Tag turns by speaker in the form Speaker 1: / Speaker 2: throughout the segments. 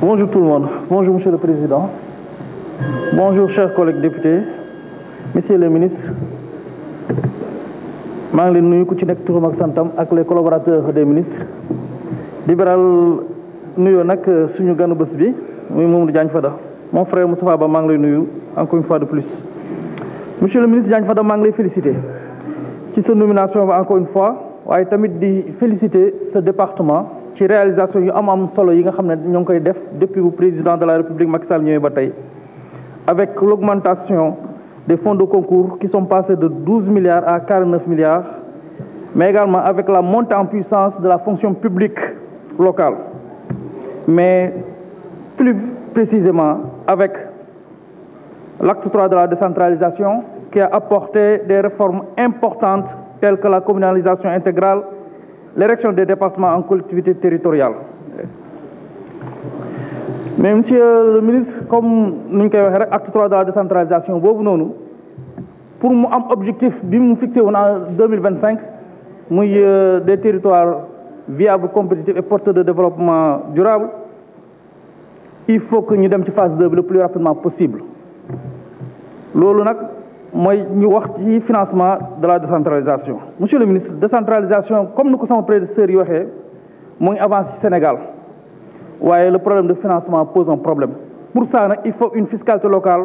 Speaker 1: Bonjour tout le monde. Bonjour Monsieur le Président. Bonjour chers collègues députés. Monsieur le ministre. Je suis leen nuyu ku les collaborateurs des ministres. Libéral nous, nak euh, ganu mon frère Moustapha Ba encore une fois de plus. monsieur le ministre je Fada maa féliciter ci nomination encore une fois waaye tamit di féliciter ce département qui réalisation yu am solo depuis le président de la république Macky Sall avec l'augmentation des fonds de concours qui sont passés de 12 milliards à 49 milliards mais également avec la montée en puissance de la fonction publique locale mais plus précisément avec l'acte 3 de la décentralisation qui a apporté des réformes importantes telles que la communalisation intégrale l'érection des départements en collectivité territoriale. Mais monsieur le ministre, comme nous avons acte 3 de la décentralisation, pour mon objectif, nous fixé en 2025, euh, des territoires viables, compétitifs et porteurs de développement durable, il faut que nous fassions phase 2 le plus rapidement possible. Lolo nak mooy ñu wax financement de la décentralisation monsieur le ministre décentralisation comme nous sommes prêts prédécesseur yi waxé mo ngi au Sénégal le problème de financement pose un problème pour ça il faut une fiscalité locale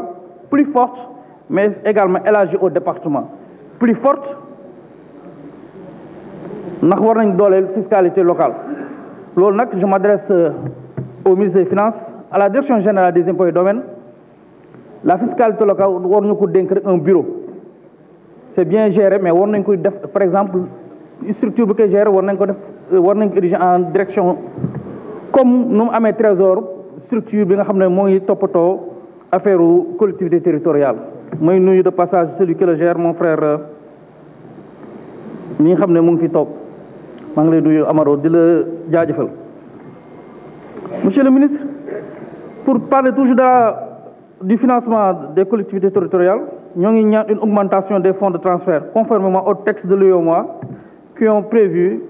Speaker 1: plus forte mais également élargie au département plus forte nous avons nañ fiscalité locale je m'adresse euh, au ministre des finances à la direction générale des impôts et domaines la fiscalité locale war ñu ko un bureau C'est bien géré mais on ne koy def par exemple une structure qui gère on war nañ ko def euh, war en direction comme nous avons un trésor structure bi nga xam ne mooy de affaire collectivité territoriale mooy nuyu de passage celui qui le gère mon frère nous euh, nga mon ne mu ngi fi toog maa de lay qui monsieur le ministre pour parler toujours de la du financement des collectivités territoriales, nous avons une augmentation des fonds de transfert conformément au texte de l'UOMA e qui ont prévu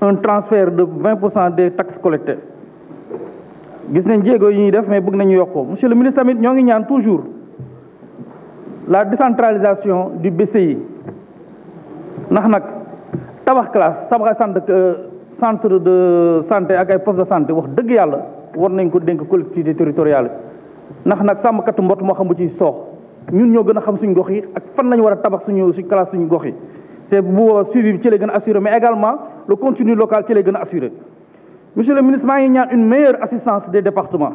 Speaker 1: un transfert de 20% des taxes collectées. Nous avons Monsieur le ministre, nous avons toujours la décentralisation du BCI. Nous avons classe, euh, centre de santé un poste de santé. Nous avons collectivité territoriale. ndax nag sàmmkatu mbott moo xam bu ci soox ñun ñoo gën a xam suñu gox yi ak fan lañu war a tabax suñu suñ classe suñu gox yi te bu suivi bi ci lay gën a assuré mais également le contenu local ci lay gën a assuré monsieur le ministre maa ngi ñaan une meilleure assistance des départements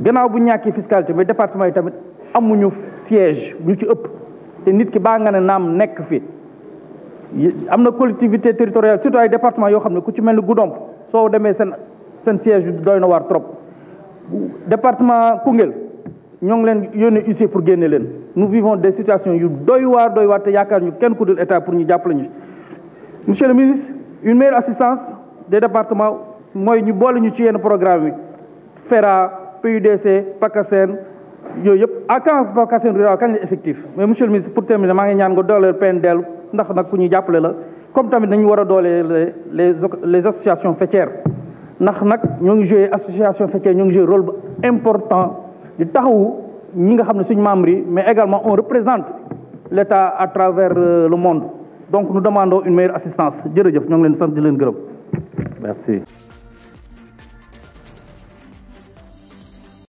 Speaker 1: gannaaw bu ñàkkee fiscalité mais département yi tamit amuñu siège ñu ci ëpp te nit ki baa nga ne naam nekk fi am na collectivité territoriale surtout ay département yoo xam ne ku ci mel ni Goudomp soo demee seen seen siège doy na waar trop département Kungel, leen pour leen nous vivons des situations yu doy war doy war te yakar ñu kenn ku dul état pour ñu jàppale monsieur le ministre une meilleure assistance des départements nous ñu boole ñu ci programme FERA PUDC PACASEN yooyu yëpp à ah, quand PACASEN rural kañ effectif mais monsieur le ministre pour terminer ma ngi ñaan nga dooleel PNDL ndax nak ku ñu la comme tamit dañu wara dolé les les associations fêtières, nous avons association fait un ngi rôle important de taxawu ñi nga mais également on représente l'État à travers euh, le monde donc nous demandons une meilleure assistance merci